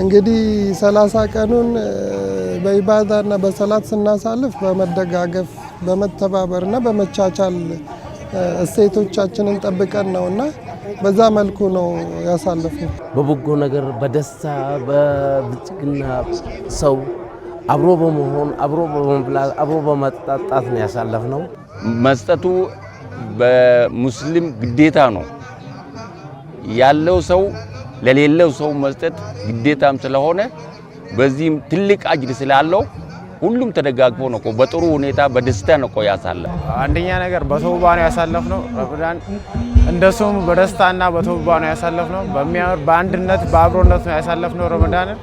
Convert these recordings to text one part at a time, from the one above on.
እንግዲህ ሰላሳ ቀኑን እና በሰላት ስናሳልፍ በመደጋገፍ በመተባበርና በመቻቻል እሴቶቻችንን ጠብቀን እና በዛ መልኩ ነው ያሳልፉ። በበጎ ነገር፣ በደስታ በብልጽግና ሰው አብሮ በመሆን አብሮ በመብላት አብሮ በመጣጣት ነው ነው መስጠቱ በሙስሊም ግዴታ ነው ያለው ሰው ለሌለው ሰው መስጠት ግዴታም ስለሆነ በዚህም ትልቅ አጅር ስላለው ሁሉም ተደጋግፎ ነው እኮ በጥሩ ሁኔታ በደስታ ነው እኮ ያሳለፍ። አንደኛ ነገር በተውባ ነው ያሳለፍ ነው ረመዳን። እንደሱም በደስታና በተውባ ነው ያሳለፍ ነው። በሚያምር በአንድነት በአብሮነት ነው ያሳለፍ ነው ረመዳንን።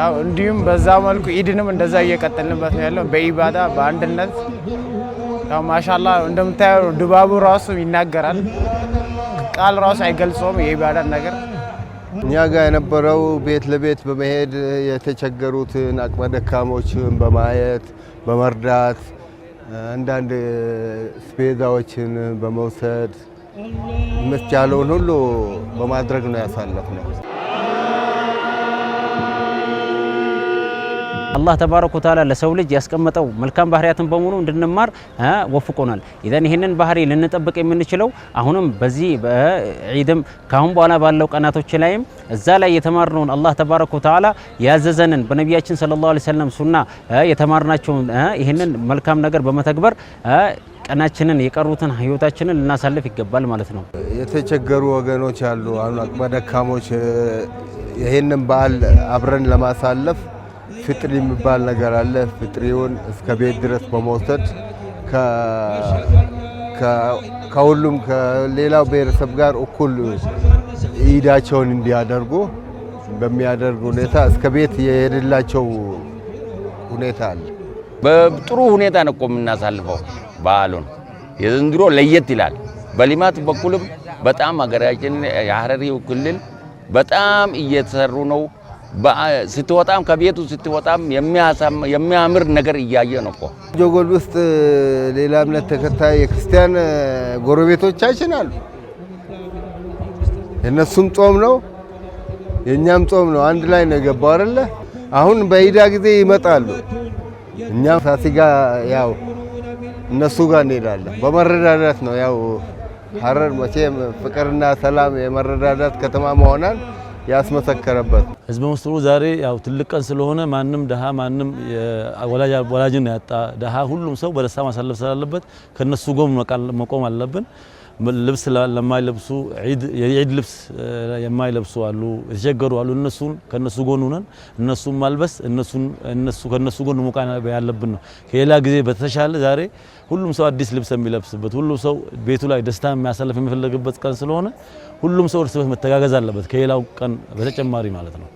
ያው እንዲሁም በዛ መልኩ ኢድንም እንደዛ እየቀጠልንበት ነው ያለው በኢባዳ በአንድነት ያው ማሻላ እንደምታየው ድባቡ ራሱ ይናገራል። ቃል ራሱ አይገልጸውም የኢባዳን ነገር። እኛ ጋር የነበረው ቤት ለቤት በመሄድ የተቸገሩትን አቅመ ደካሞችን በማየት በመርዳት አንዳንድ ስፔዛዎችን በመውሰድ መስቻለውን ሁሉ በማድረግ ነው ያሳለፍ ነው። አላህ ተባረከ ወተዓላ ለሰው ልጅ ያስቀመጠው መልካም ባህሪያትን በሙሉ እንድንማር ወፍቆናል። ኢዘን ይህንን ባህሪ ልንጠብቅ የምንችለው አሁንም በዚህ ዒድም ካሁን በኋላ ባለው ቀናቶች ላይም እዛ ላይ የተማርነውን አላህ ተባረከ ወተዓላ ያዘዘንን በነቢያችን ሰለላሁ ዐለይሂ ወሰለም ሱና የተማርናቸውን ይህንን መልካም ነገር በመተግበር ቀናችንን የቀሩትን ህይወታችንን ልናሳልፍ ይገባል ማለት ነው። የተቸገሩ ወገኖች አሉ፣ አቅመ ደካሞች። ይህንን በዓል አብረን ለማሳለፍ ፍጥሪ የሚባል ነገር አለ። ፍጥሪውን እስከ ቤት ድረስ በመውሰድ ከሁሉም ከሌላው ብሔረሰብ ጋር እኩል ኢዳቸውን እንዲያደርጉ በሚያደርግ ሁኔታ እስከ ቤት የሄድላቸው ሁኔታ አለ። በጥሩ ሁኔታ ነው እኮ የምናሳልፈው በዓሉን። የዘንድሮ ለየት ይላል። በልማት በኩልም በጣም ሀገራችን የሀረሪው ክልል በጣም እየተሰሩ ነው። ስትወጣም ከቤቱ ስትወጣም የሚያምር ነገር እያየ ነው እኮ። ጆጎል ውስጥ ሌላ እምነት ተከታይ የክርስቲያን ጎረቤቶቻችን አሉ። የእነሱም ጾም ነው፣ የእኛም ጾም ነው። አንድ ላይ ነው የገባው አይደለ? አሁን በኢዳ ጊዜ ይመጣሉ። እኛም ሳሲ ያው እነሱ ጋር እንሄዳለን። በመረዳዳት ነው ያው ሀረር መቼም ፍቅርና ሰላም የመረዳዳት ከተማ መሆናል ያስመሰከረበት ህዝበ ምስጢሩ ዛሬ ያው ትልቅ ቀን ስለሆነ ማንም ደሃ ማንም ወላጅን ያጣ ደሃ ሁሉም ሰው በደስታ ማሳለፍ ስላለበት ከነሱ ጎን መቆም አለብን። ልብስ ለማይለብሱ የዒድ ልብስ የማይለብሱ አሉ፣ የተቸገሩ አሉ። እነሱን ከነሱ ጎን ሆነን እነሱን ማልበስ ከነሱ ጎን ሞቃ ያለብን ነው። ከሌላ ጊዜ በተሻለ ዛሬ ሁሉም ሰው አዲስ ልብስ የሚለብስበት ሁሉም ሰው ቤቱ ላይ ደስታ የሚያሳልፍ የሚፈለግበት ቀን ስለሆነ ሁሉም ሰው እርስ በርስ መተጋገዝ አለበት፣ ከሌላው ቀን በተጨማሪ ማለት ነው።